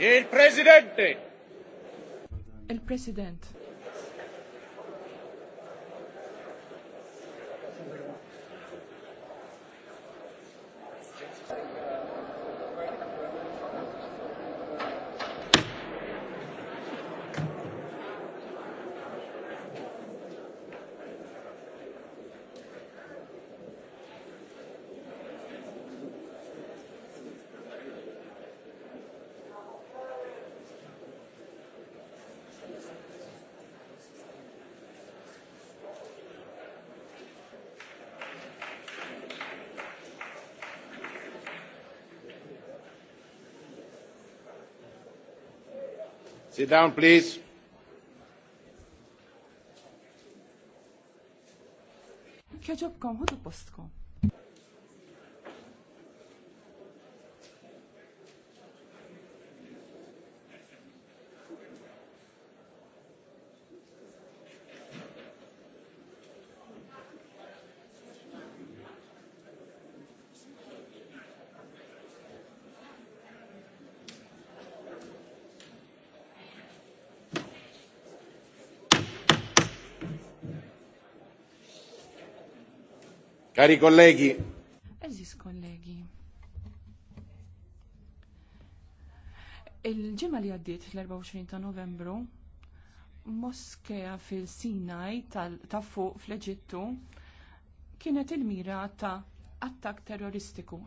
Il-Presidente! Il-President. Sit down, please. Kieġobkom, ħudu postkom. Cari colleghi. Eżis kollegi. Il-ġimma li għaddiet fl-24 ta' novembru, moskeja fil-Sinaj ta' fuq fl-Eġittu kienet il-mira ta' attak terroristiku.